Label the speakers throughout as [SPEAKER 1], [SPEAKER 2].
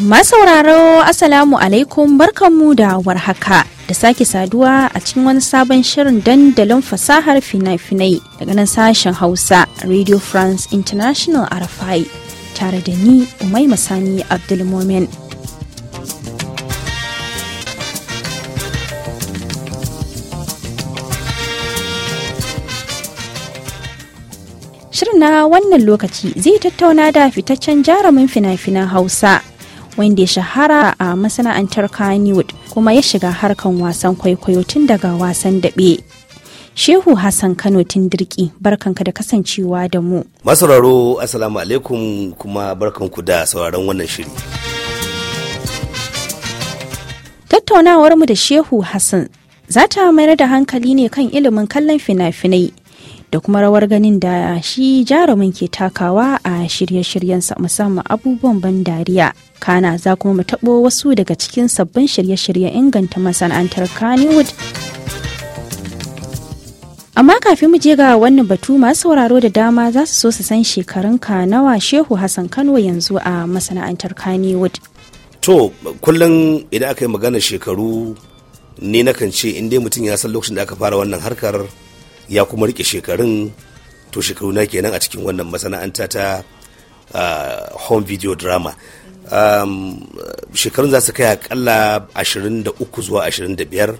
[SPEAKER 1] Masauraro asalamu alaikum barkanmu da warhaka da sake saduwa a cikin wani sabon shirin dandalin fasahar fina-finai daga nan sashen Hausa Radio France International RFI tare da ni Umai Masani Abdulmomin. Shirin na wannan lokaci zai tattauna da fitaccen jarumin fina-finan Hausa wanda ya shahara a masana'antar kaniwood kuma ya shiga harkan wasan kwaikwayo tun daga wasan daɓe. Shehu Hassan Kano tun dirki barkanka da kasancewa da mu.
[SPEAKER 2] Masauraro Assalamu alaikum kuma barkanku da sauraron wannan shiri.
[SPEAKER 1] Tattaunawarmu da Shehu Hassan za ta mayar da hankali ne kan ilimin kallon fina-finai da kuma rawar ganin da shi jarumin ke takawa a shirye-shiryensa musamman abubuwan ban dariya kana za kuma mu taɓo wasu daga cikin sabbin shirye-shiryen inganta masana'antar kannywood amma kafin mu je ga wannan batu masu sauraro da dama za su so su san shekarun ka nawa shehu hassan kano yanzu a masana'antar kannywood
[SPEAKER 2] to kullum idan aka yi magana shekaru ni nakan ce in dai mutum ya san lokacin da aka fara wannan harkar ya kuma rike shekarun to shekaru na kenan a cikin wannan masana'anta ta ah, home video drama Um, shekarun za su kai akalla 23 zuwa 25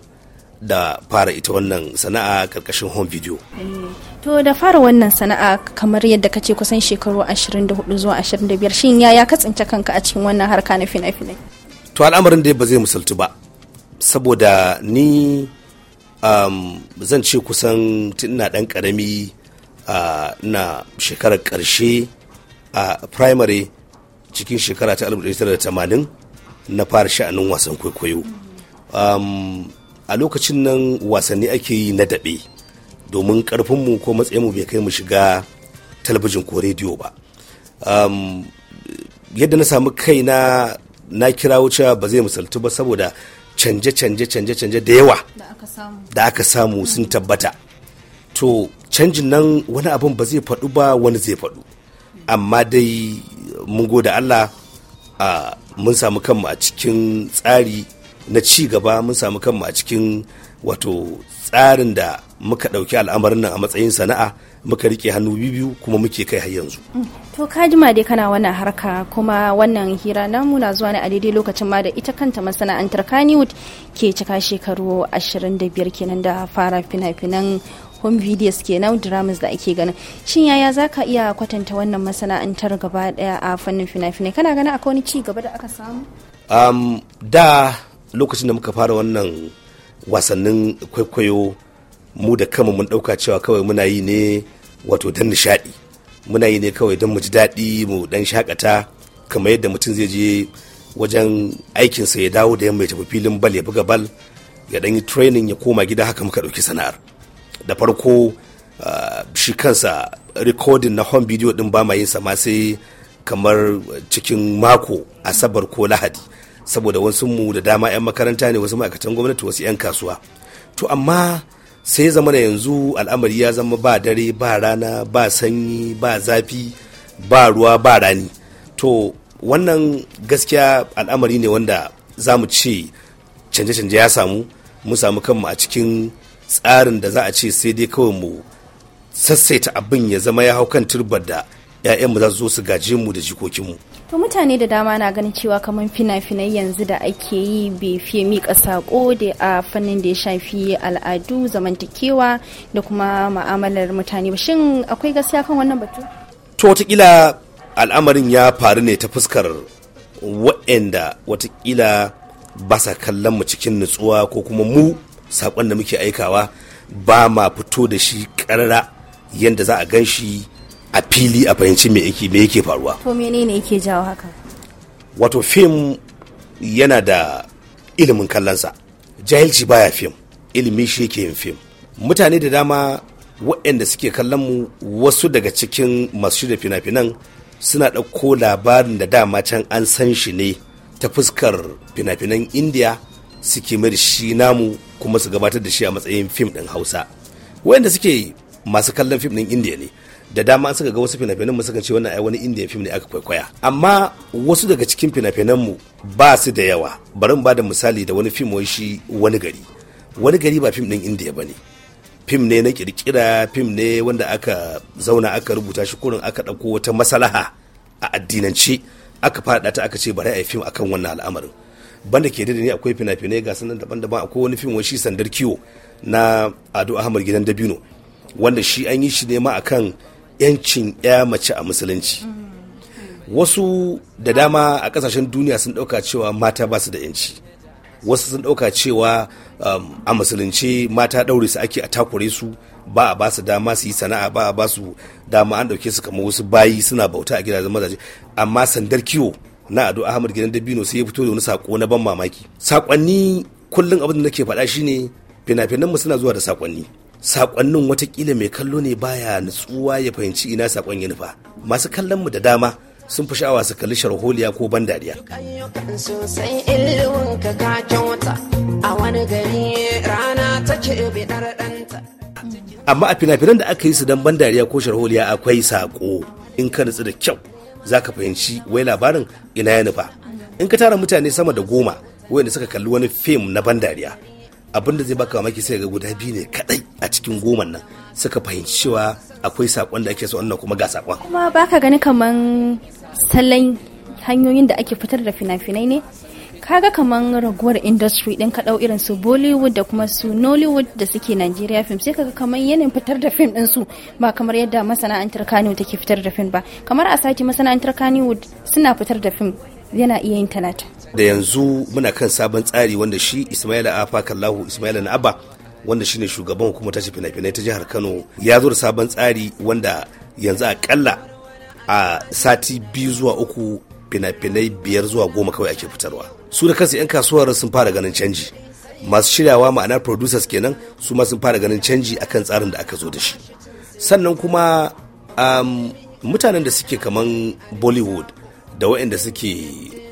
[SPEAKER 2] da fara ita wannan sana'a karkashin home video
[SPEAKER 1] eh, to da fara wannan sana'a kamar yadda ka ce kusan shekaru 24 zuwa 25 shin ya ya katsince kanka a cikin wannan harka na fina-finai
[SPEAKER 2] to al'amarin da ba zai misaltu ba saboda ni um, zan ce kusan tun ina dan karami uh, na shekarar karshe a primary cikin shekara ta 1980 na fara sha'anin wasan kwaikwayo a lokacin nan wasanni ake yi na daɓe domin ƙarfinmu ko matsayinmu bai kai mu shiga talabijin ko rediyo ba yadda na samu kaina na kira wuce ba zai misaltu ba saboda canje canje canje canje da yawa da aka samu sun tabbata to canjin nan wani abin ba zai faɗu ba wani zai faɗu amma dai mun gode allah a mun samu kanmu a cikin tsari na ci gaba mun samu kanmu a cikin wato tsarin da muka ɗauki al'amarin nan a matsayin sana'a muka rike hannu biyu kuma muke kai har yanzu.
[SPEAKER 1] Mm. To ka jima dai kana wannan harka kuma wannan hira namu muna zuwa ne a daidai lokacin ma da ita kanta masana'antar Kannywood ke cika shekaru 25 kenan da fara fina-finan home videos kenan dramas da ake ganin shin yaya za ka iya kwatanta wannan masana'antar gaba daya a fannin fina-finai kana ganin akwai wani ci gaba da aka
[SPEAKER 2] samu da lokacin da muka fara wannan wasannin kwaikwayo mu da kama mun dauka cewa kawai muna yi ne wato don nishadi muna yi ne kawai don muji ji daɗi mu dan shakata kamar yadda mutum zai je wajen aikinsa ya dawo da yamma ya tafi filin bal ya buga bal ya dan yi training ya koma gida haka muka ɗauki sana'ar da farko uh, shi kansa rikodin na home video din ba yin sa ma sai kamar cikin mako asabar ko lahadi saboda wasu mu da dama 'yan makaranta ne wasu ma'aikatan gwamnati wasu 'yan kasuwa to amma sai zama da yanzu al'amari ya zama ba dare ba rana ba sanyi ba zafi ba ruwa ba rani to wannan gaskiya al'amari ne wanda za mu ce canje-canje ya samu mu samu kanmu a cikin tsarin da za a ce sai dai kawai mu sassaita abin ya zama ya hau kan turbar da 'ya'yanmu za su zo su gaje mu da jikokinmu.
[SPEAKER 1] To mutane da dama na ganin cewa kamar fina-finai yanzu da ake yi bai fiye mika saƙo da a fannin da ya shafi al'adu zamantakewa da kuma ma'amalar mutane ba shin akwai gaskiya kan wannan batu?
[SPEAKER 2] To watakila al'amarin ya faru ne ta fuskar waɗanda watakila ba sa kallon mu cikin nutsuwa ko kuma mu sakon da muke aikawa ba ma fito da shi karara yadda za a gan shi a fili a fahimci mai yake faruwa
[SPEAKER 1] to menene yake jawo haka
[SPEAKER 2] wato fim yana da ilimin kallonsa jahilci baya fim ilimi shi yake yin fim mutane da dama waɗanda suke kallon mu wasu daga cikin masu shirya fina-finan suna ɗauko labarin da dama can an san shi ne ta fuskar fina-finan indiya suke mai shi namu kuma su gabatar da shi a matsayin fim ɗin hausa wayanda suke masu kallon fim ɗin indiya ne da dama an suka ga wasu fina-finan mu suka ce wannan ai wani indiya fim ne aka kwaikwaya amma wasu daga cikin fina-finan mu ba su da yawa bari mu bada misali da wani fim wai shi wani gari wani gari ba fim ɗin indiya ba ne fim ne na kirkira fim ne wanda aka zauna aka rubuta shi kurin aka ɗauko wata masalaha a addinance aka fada ta aka ce bari a yi fim akan wannan al'amarin banda ke da ni akwai fina-finai ga sanan daban-daban akwai wani fim shi sandar kiwo na ado ahmad gidan dabino wanda shi an yi shi ne ma akan yancin ya mace a musulunci wasu da dama a kasashen duniya sun dauka cewa mata ba su da yanci wasu sun dauka cewa um, a musulunci mata daure su ake a takure su ba a ba su dama su yi sana'a ba a ba su dama an dauke su kamar wasu bayi suna bauta a gidajen mazaje amma sandar kiwo na ado ahmad gidan dabino sai ya fito da wani sako na ban mamaki sakonni kullum abin da nake faɗa shine fina mu suna zuwa da sakonni sakonnin watakila mai kallo ne baya nutsuwa ya fahimci ina sakon ya nufa masu kallon mu da dama sun fi sha'awa su kalli sharholiya ko ban dariya amma a fina-finan da aka yi su don ban dariya ko sharholiya akwai sako in ka nutsu da kyau za ka fahimci wai labarin ina ya nufa in ka tara mutane sama da goma wanda suka kalli wani fim na ban dariya abin da zai baka mamaki sai ga guda biyu ne kadai a cikin goman nan suka fahimci cewa akwai sakon da ake so wannan kuma ga sakon
[SPEAKER 1] kuma baka gani kaman salon hanyoyin da ake fitar da fina-finai ne kaga kamar raguwar industry din ka dau irin su bollywood da kuma su nollywood da suke nigeria film sai kaga kamar yanayin fitar da film din su ba kamar yadda masana'antar kano take fitar da film ba kamar a sati masana'antar kanewood suna fitar da film yana iya yin talata
[SPEAKER 2] da yanzu muna kan sabon tsari wanda shi Isma'il afa kallahu ismail na abba wanda shine shugaban hukumar tashi fina-finai ta jihar kano ya zo da sabon tsari wanda yanzu akalla a sati biyu zuwa uku fina-finai biyar zuwa goma kawai ake fitarwa su da kansu 'yan kasuwar sun fara ganin canji masu shiryawa ma'ana producers kenan su ma sun fara ganin canji akan tsarin da aka zo da shi sannan kuma mutanen da suke kaman bollywood da waɗanda suke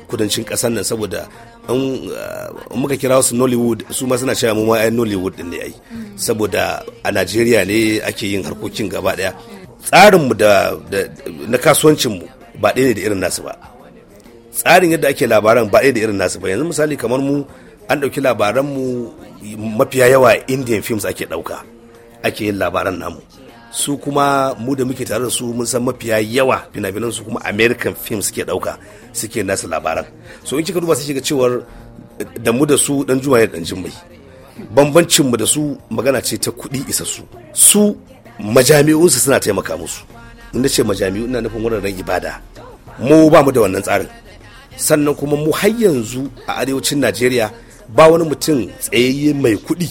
[SPEAKER 2] kudancin ƙasar nan saboda in uh, muka kira su nollywood su ma suna cewa mu ma ai nollywood din ne ai saboda a najeriya ne ake yin harkokin gaba daya tsarinmu da na kasuwancinmu ba ɗaya ne da irin nasu ba tsarin yadda ake labaran ba da irin nasu ba yanzu misali kamar mu an ɗauki labaran mu mafiya yawa indian films ake ɗauka ake yin labaran namu su kuma mu da muke tare da su mun san mafiya yawa fina su kuma american films suke ɗauka suke nasu labaran so in kika duba sai shiga cewar da mu da su dan jumaye dan jimmai bambancin mu da su magana ce ta kuɗi isa su su su suna taimaka musu in ce majami'u ina nufin wuraren ibada mu ba mu da wannan tsarin sannan kuma mu har yanzu a arewacin najeriya ba wani mutum tsayayye mai kuɗi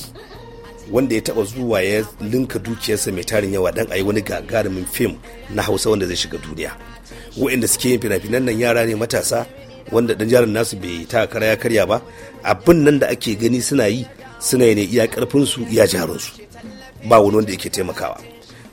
[SPEAKER 2] wanda ya taba zuwa ya linka dukiyarsa mai tarin yawa dan yi wani gagarumin fim na hausa wanda zai shiga duniya wa'inda suke yin fina-finan nan yara ne matasa wanda dan jarin nasu bai ta kara ya karya ba abin nan da ake gani suna yi suna yi ne iya karfinsu su iya jarin su ba wani wanda yake taimakawa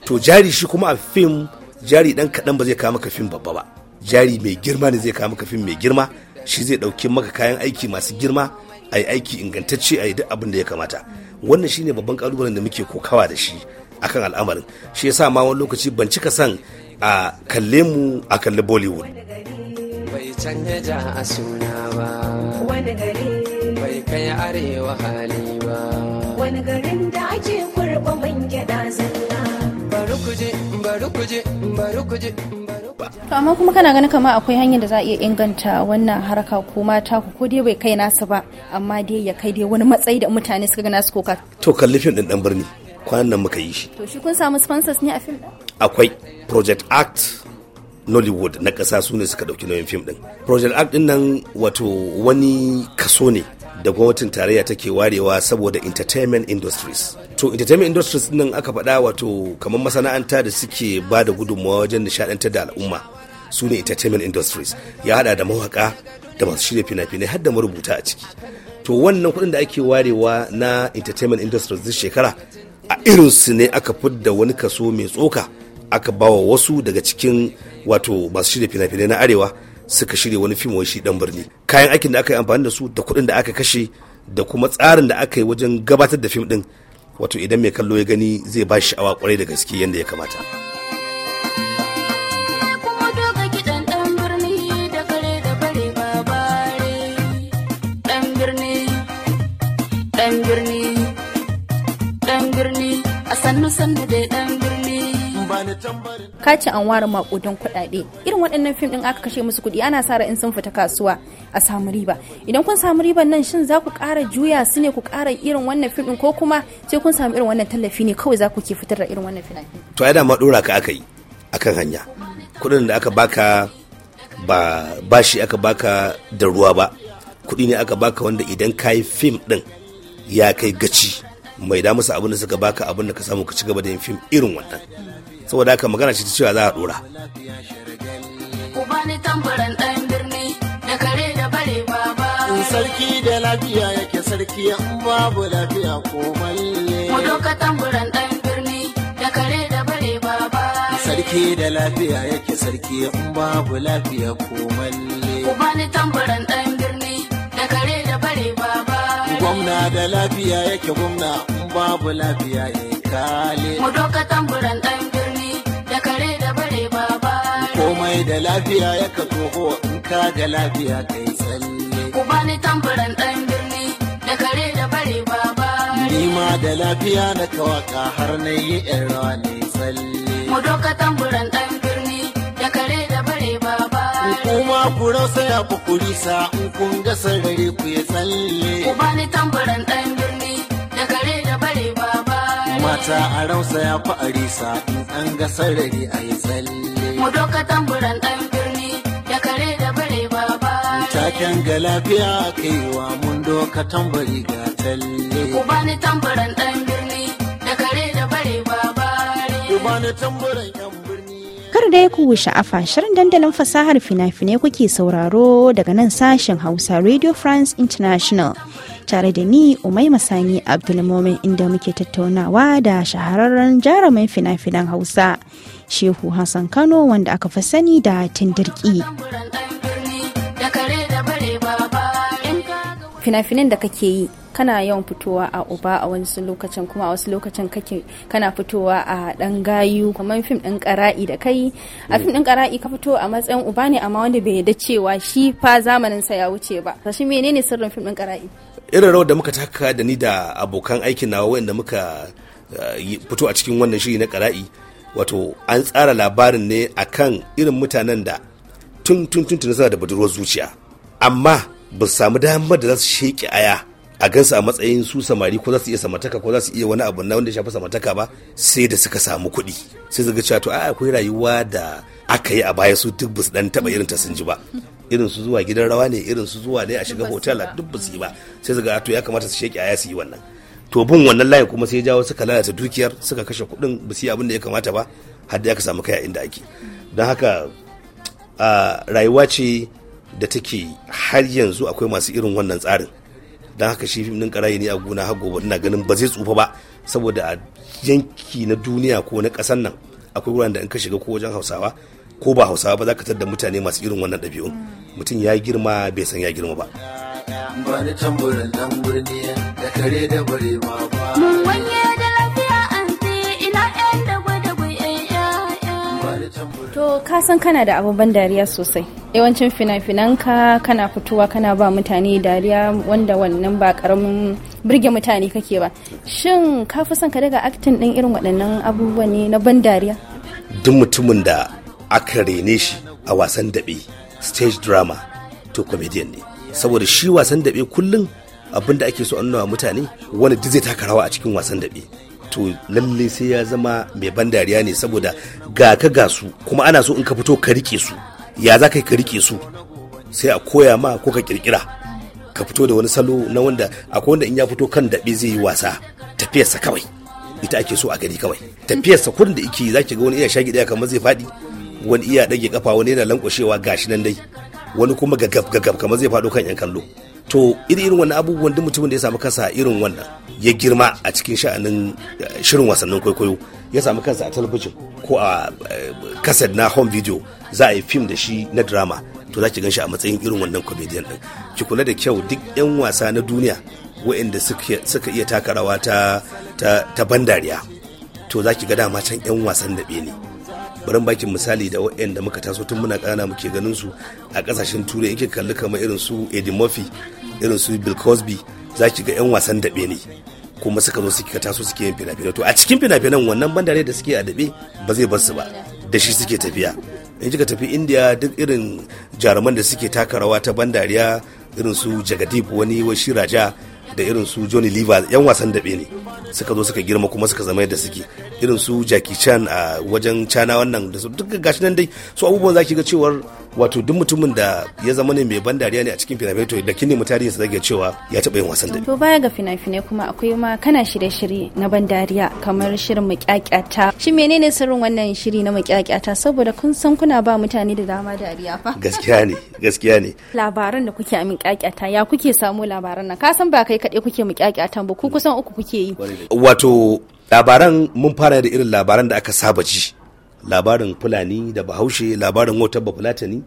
[SPEAKER 2] to jari shi kuma a fim jari dan kaɗan ba zai kawo maka fim babba ba jari mai girma ne zai kawo maka fim mai girma shi zai ɗauki maka kayan aiki masu girma a yi aiki ingantacce a yi duk abin da ya kamata wannan shine babban kalubalen da muke kokawa da shi akan al'amarin shi yasa ma wani lokaci ban cika san a kalle mu a kalli bollywood
[SPEAKER 3] bai canja a suna ba wani gari bai kai arewa hali ba wani garin da ake kurba man gyada zalla bari kuje
[SPEAKER 1] bari ba to amma kuma kana ganin kama akwai hanyar da za a iya inganta wannan haraka ko mata ku ko dai bai kai nasu ba amma dai ya kai dai wani matsayi da mutane suka ga nasu koka
[SPEAKER 2] to kalli fim din dan birni kwanan nan muka yi shi
[SPEAKER 1] to shi kun samu sponsors ne a fim
[SPEAKER 2] akwai project act nollywood na ƙasa su ne suka ɗauki nauyin fim ɗin project act ɗin nan wato wani kaso ne da gwamnatin tarayya take warewa saboda entertainment industries to entertainment industries nan aka faɗa wato kamar masana'anta da suke ba da gudunmawa wajen nishaɗantar da al'umma su ne entertainment industries ya haɗa da mawaka da masu shirya fina-finai har da marubuta a ciki to wannan kuɗin da ake warewa na entertainment industries this shekara a su ne aka fidda wani kaso mai tsoka aka bawa wasu daga cikin wato masu shirya fina-finai na arewa suka shirya wani fim wai shi dan birni kayan aikin da aka yi amfani da su da kuɗin da aka kashe da kuma tsarin da aka yi wajen gabatar da fim din wato idan mai kallo ya gani zai ba shi awa kwarai da gaske yadda ya kamata.
[SPEAKER 3] sannu sannu da ɗan
[SPEAKER 1] kaci an ware makudan kuɗaɗe irin waɗannan fim ɗin aka kashe musu kuɗi ana sa in sun fita kasuwa a samu riba idan kun samu riban nan shin za ku ƙara juya su ne ku ƙara irin wannan fim ɗin ko kuma sai kun samu irin wannan tallafi ne kawai za ku ke fitar da irin wannan fina
[SPEAKER 2] to ai da ma ɗora ka aka yi akan hanya kuɗin da aka baka ba bashi aka baka da ruwa ba kuɗi ne aka baka wanda idan ka fim ɗin ya kai gaci mai da musu abin da suka baka abin da ka samu ka ci gaba da yin fim irin wannan saboda haka magana ce ta cewa za a dora
[SPEAKER 3] sarki
[SPEAKER 4] da lafiya yake sarki ya babu lafiya komai mu doka
[SPEAKER 3] tamburan dan birni da kare da bare baba
[SPEAKER 4] sarki da lafiya yake sarki in babu lafiya ku
[SPEAKER 3] bani tamburan dan birni da kare gwamna
[SPEAKER 4] da lafiya yake gwamna babu lafiya in kale. Mu
[SPEAKER 3] doka tamburan ɗan birni da kare da bare baba.
[SPEAKER 4] Komai da lafiya ya ka toho in ka da lafiya kai tsalle.
[SPEAKER 3] Ku bani tamburan ɗan birni da kare da bare baba. Ni ma
[SPEAKER 4] da lafiya na kawaka har na yi ƴan rawa ne tsalle.
[SPEAKER 3] Mu doka tamburan ɗan birni. kuma
[SPEAKER 4] ku ya ku kurisa in kun ga sarari ku ya tsalle ku
[SPEAKER 3] bani tambaran dan birni da kare da bare baba mata
[SPEAKER 4] a rausa ya ku arisa in an ga sarari a yi tsalle
[SPEAKER 3] mu doka tambaran dan birni da kare da bare baba taken
[SPEAKER 4] ga lafiya kaiwa mun doka tambari ga talle ku
[SPEAKER 3] bani tambaran dan birni da kare da bare baba ku
[SPEAKER 4] bani tambaran
[SPEAKER 1] Kar da ya kuwa sha'afa shirin dandalin fasahar fina-finai kuke sauraro daga nan sashen Hausa Radio France International. Tare da ni umai Sani Abdulmomin inda muke tattaunawa da shahararren jarumin fina-finan Hausa, Shehu Hassan Kano wanda aka fi sani da Tindirki. Fina-finan da kake yi kana yawan fitowa a uba a wasu lokacin kuma a wasu lokacin kake kana fitowa a dan gayu kamar fim din kara'i da kai a fim din kara'i ka fito a matsayin uba ne amma wanda bai yadda cewa shi fa zamanin sa ya wuce ba shi menene sirrin fim din kara'i
[SPEAKER 2] irin rawar da muka taka da ni da abokan aikin nawa wanda muka eh, fito a cikin wannan shiri na kara'i wato an tsara labarin ne akan irin mutanen da tun tun tun suna da budurwar zuciya amma ba su samu damar da za su sheƙi aya a gansu a matsayin su samari ko za su iya samataka ko za su iya wani abu na wanda ya shafi samataka ba sai da suka samu kuɗi sai su ga cewa to a akwai rayuwa da aka yi a baya su duk basu dan taba irin ta sun ji ba irin su zuwa gidan rawa ne irin su zuwa ne a shiga hotel duk basu yi ba sai su ga to ya kamata su sheki aya su yi wannan to bin wannan layin kuma sai jawo suka lalata dukiyar suka kashe kuɗin ba su yi abin da ya kamata ba har da aka samu kai a inda ake don haka rayuwa ce da take har yanzu akwai masu irin wannan tsarin don haka shi fim din karaye ne a gona har gobe ina ganin ba zai tsufa ba saboda a yanki na duniya ko na kasan nan akwai wuraren da in ka shiga ko wajen hausawa ko ba hausawa ba za ka tar da mutane masu irin wannan ɗabi'un mutum ya girma bai san ya girma ba.
[SPEAKER 4] Bani tamburin ba. To
[SPEAKER 1] ka san kana da ban dariya sosai. Yawancin fina finan ka kana fitowa kana ba mutane dariya wanda wannan ba karamin birge mutane kake ba. Shin ka fi son ka daga aktin ɗin irin waɗannan abubuwa ne na ban dariya?
[SPEAKER 2] Duk mutumin da aka rene shi a wasan daɓe, stage drama, to comedian ne. Saboda shi wasan daɓe kullum abin da ake so an nuna mutane wani duk zai taka rawa a cikin wasan daɓe. to lalle sai ya zama mai ban dariya ne saboda ga ka ga su kuma ana so in ka fito ka rike su ya za ka rike su sai a koya ma ko ka kirkira ka fito da wani salo na wanda akwai wanda in ya fito kan daɓe zai yi wasa tafiyarsa kawai ita ake so a gani kawai tafiyarsa kurin da ike za ki ga wani iya shagi daya kamar zai faɗi wani iya ɗage kafa wani yana lankwashewa gashi nan dai wani kuma gagab gagab kamar zai faɗo kan yan kallo to iri irin wannan abubuwan duk mutumin da ya samu kasa irin wannan ya girma a cikin sha'anin eh, shirin wasannin kwaikwayo ya samu kansa a talabijin ko a kaset eh, na home video za a yi fim da shi na drama to za ki gan shi a matsayin irin wannan comedian din ki kula da kyau duk 'yan wasa na duniya waɗanda suka iya taka rawa ta ta ban dariya to za ki ga dama can 'yan wasan da ne bari bakin misali da waɗanda muka taso tun muna ƙana muke ganin su a kasashen turai yake kalli kamar irin su eddie murphy irin su bill cosby za ki ga 'yan wasan daɓe ne kuma suka zo suka taso suke yin fina-finai to a cikin fina-finan wannan bandare da suke a daɓe ba zai bar su ba da shi suke tafiya in kika tafi indiya duk irin jaruman da suke taka rawa ta bandariya irin su jagadib wani washi raja da irin su johnny liver yan wasan daɓe ne suka zo suka girma kuma suka zama yadda suke irin su Jackie Chan a wajen cana wannan da su duk gashi nan dai su abubuwan zaki ga cewar wato duk mutumin da ya zama ne mai ban dariya ne a cikin finafinai to da ne su zage cewa ya taɓa yin wasan da
[SPEAKER 1] To baya ga fina kuma akwai ma kana shirye-shirye na ban dariya kamar shirin mukyakyata Shi menene sirrin wannan shiri na mukyakyata saboda kun san kuna ba mutane da dama dariya fa.
[SPEAKER 2] Gaskiya ne, gaskiya ne.
[SPEAKER 1] Labaran da kuke amin kyakyata ya kuke samu labaran nan ka san ba kai kaɗai kuke mukyakyatan ba ku kusan uku kuke yi.
[SPEAKER 2] wato labaran mun fara da irin labaran da aka saba ji labarin fulani da bahaushe labarin wautar bafulatani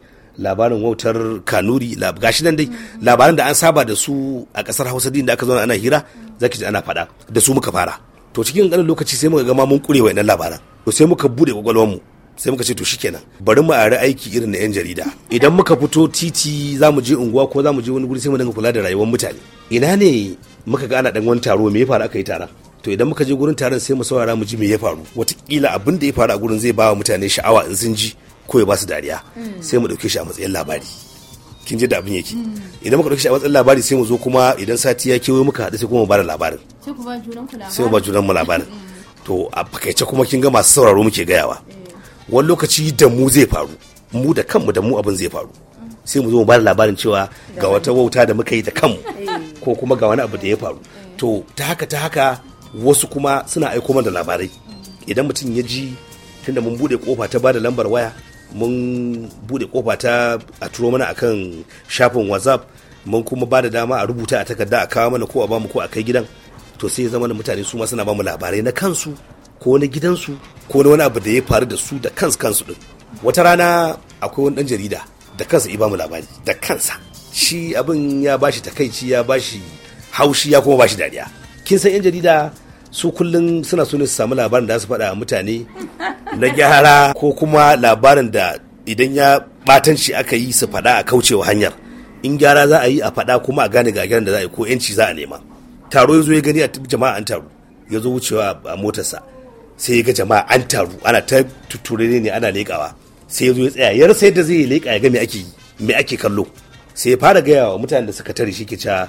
[SPEAKER 2] labarin wautar kanuri gashi nan dai labaran da an saba da su a kasar hausa din da aka zauna ana hira zaki ji ana faɗa da su muka fara to cikin ƙanan lokaci sai muka gama mun kure wa'annan labaran to sai muka bude mu sai muka ce to shikenan bari mu ari aiki irin na yan jarida idan muka fito titi zamu je unguwa ko za je wani guri sai mu dinga kula da rayuwar mutane ina ne muka ga ana dan wani taro me ya faru aka yi taron to idan muka je gurin taron sai mu saurara mu ji me ya faru watakila abin da ya faru a gurin zai ba wa mutane sha'awa in sun ji ko ya basu dariya hmm. sai mu dauke shi a matsayin labari kin ji da abin yake hmm. idan muka dauke shi a matsayin labari sai mu zo kuma idan sati ya kewaye muka haɗu sai kuma mu bada da labarin sai mu ba junan mu labarin hmm. to a fakaice kuma kin ga masu sauraro muke gayawa eh. wani lokaci da mu zai faru mu da kanmu da mu abin zai faru sai mu zo mu bada labarin cewa ga wata wauta da muka yi da kanmu ko kuma ga wani abu da ya faru to ta haka ta haka wasu kuma suna aiko mana da labarai idan mutum ya ji tunda mun bude kofa ta bada lambar waya mun bude kofa ta a turo mana akan shafin whatsapp mun kuma ba da dama a rubuta a takarda a kawo mana ko a bamu ko a kai gidan to sai ya zama da mutane su ma suna bamu labarai na kansu ko na gidansu ko na wani abu da ya faru da su da kansu kansu din wata rana akwai wani dan jarida da kansa i bamu labari da kansa shi abin ya bashi takaici ya bashi haushi ya kuma bashi dariya kin san yan jarida su kullum suna so ne su samu labarin da su faɗa mutane na gyara ko kuma labarin da idan ya batanci aka yi su faɗa a kaucewa hanyar in gyara za a yi a faɗa kuma a gane gagarin da za a yi ko yanci za a nema taro ya zo ya gani a jama'a an taru ya zo wucewa a motarsa sai ya ga jama'a an taru ana ta tuture ne ana leƙawa sai ya zo ya tsaya ya rasa yadda zai leƙa ya ga me ake yi me ake kallo sai ya fara gaya wa mutanen da suka tare shi ke cewa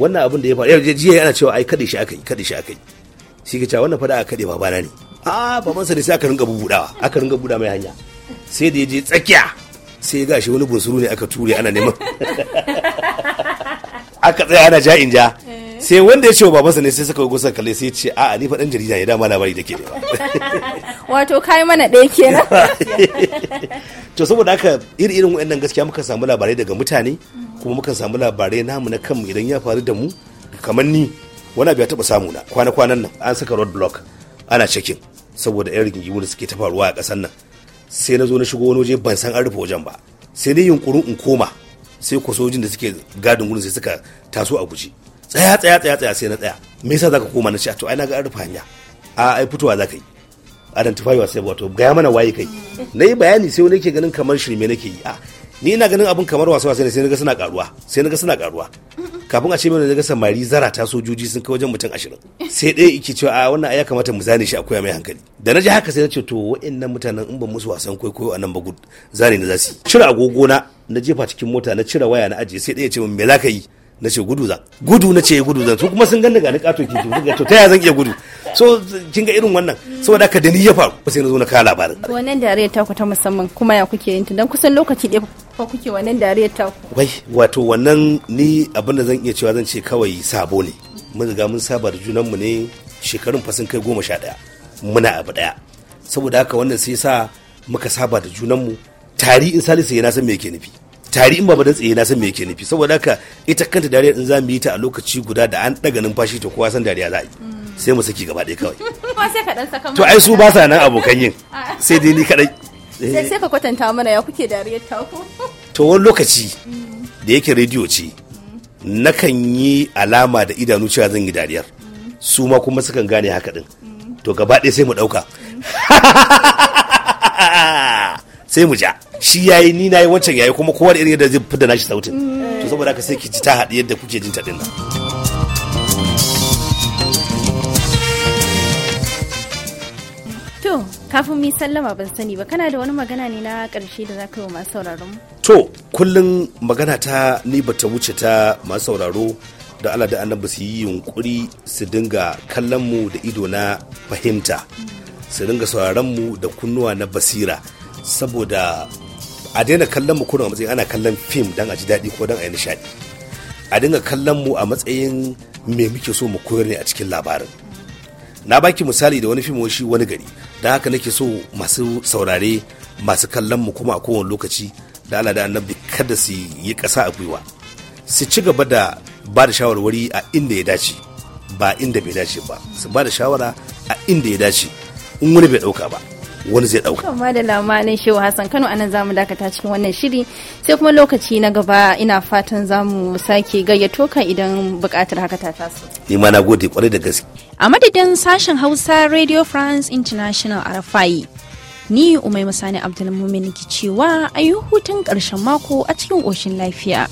[SPEAKER 2] wannan abin da ya faru jiya yana cewa ai kaɗe shi aka yi kaɗe shi aka yi shi ke cewa wannan fada aka kaɗe babana ne a babansa da sai aka ringa bubudawa aka ringa buda mai hanya sai da ya je tsakiya sai ya gashi wani bunsuru ne aka ture ana neman aka tsaya ana ja in ja sai wanda ya ce wa babansa ne sai suka yi kalle sai ce a'a ni faɗin jarida ne dama labari da ke ne
[SPEAKER 1] wato kai mana ɗaya kenan
[SPEAKER 2] to saboda haka iri irin wa'annan gaskiya muka samu labarai daga mutane kuma muka samu labarai namu na kanmu idan ya faru da mu kamar ni wani abu ya taɓa samu na kwana-kwanan nan an saka road block ana checking saboda yan rigingimu da suke ta faruwa a ƙasar nan sai na zo na shigo wani waje ban san an rufe wajen ba sai ni yunkurin in koma sai kwasojin da suke gadin gudun sai suka taso a guji tsaya tsaya tsaya tsaya sai na tsaya me yasa zaka koma na ce to ai na ga an rufe hanya a ai fitowa zaka yi identify yourself wato gaya mana waye kai na yi bayani sai wani ke ganin kamar shirme nake yi a ni ina ganin abin kamar wasu wasa ne sai naga suna karuwa sai naga suna karuwa kafin a ce mana naga samari zara ta sojoji sun kai wajen mutum ashirin sai ɗaya yake cewa a wannan ya kamata mu zane shi a koya mai hankali da na ji haka sai na ce to wa'annan mutanen in ban musu wasan kwaikwayo a nan ba gud zane na za su yi cire agogo na na jefa cikin mota na cire waya na ajiye sai ɗaya ce min me za ka yi na ce gudu zan gudu na ce gudu zan su kuma sun gan ga ni kato ke to to ta zan iya gudu so kin ga irin wannan saboda haka da ni ya faru sai na zo na kawo labarin
[SPEAKER 1] wannan dariyar taku ta musamman kuma ya kuke yin tun dan kusan lokaci ɗaya fa kuke wannan dariyar taku
[SPEAKER 2] wai wato wannan ni abinda zan iya cewa zan ce kawai sabo ne mun ga mun saba da junan mu ne shekarun fa sun kai goma sha daya muna abu daya saboda haka wannan sai sa muka saba da junan mu tari in salisu yana san me yake nufi tari in ba da tsaye na san me yake nufi saboda haka ita kanta dariya in za mu yi ta a lokaci guda da an daga numfashi to kowa san dariya za a yi sai mu saki gaba ɗaya kawai
[SPEAKER 1] to ai su ba sa nan abokan yin ah.
[SPEAKER 2] sai dai ni kaɗai. Eh. sai
[SPEAKER 1] ka kwatanta mana ya kuke dariyar taku
[SPEAKER 2] to wani lokaci da yake rediyo ce mm. nakan yi alama da idanu cewa zan yi dariyar mm. su ma kuma sukan gane haka din mm. to gaba ɗaya sai mu ɗauka sai mu ja shi yayi ni nayi wancan yayi kuma kowa da irin yadda zai fidda nashi sautin mm. to saboda haka sai ki ji ta haɗu yadda kuke jin ta
[SPEAKER 1] to kafin mu sallama ban sani ba kana da wani magana ne na ƙarshe da zaka yi wa masu sauraron
[SPEAKER 2] to kullum magana ta ni ta wuce ta masu sauraro da Allah da annabi su yi yunkuri su dinga kallon mu da ido na fahimta su dinga sauraron mu da kunnuwa na basira saboda a daina kallon mu kuna a matsayin ana kallon fim don a ji daɗi ko don a yi nishaɗi a dinga kallon mu a matsayin me muke so mu koyar ne a cikin labarin na baki misali da wani fim shi wani gari da haka nake so masu saurare masu kallon mu kuma a kowane lokaci da ala da annabi kada su yi ƙasa a gwiwa su ci gaba da ba da shawarwari a inda ya dace ba inda bai dace ba su ba da shawara a inda ya dace in wani bai ɗauka ba wani zai dauka
[SPEAKER 1] amma da lamarin shehu hassan kano anan zamu dakata cikin wannan shiri sai kuma lokaci na gaba ina fatan zamu sake gayyato ka idan bukatar haka ta taso
[SPEAKER 2] ni ma na kwarai da gaske
[SPEAKER 1] a madadin sashen hausa radio france international rfi ni umai sani abdulmumin ki cewa ayi hutun karshen mako a cikin koshin lafiya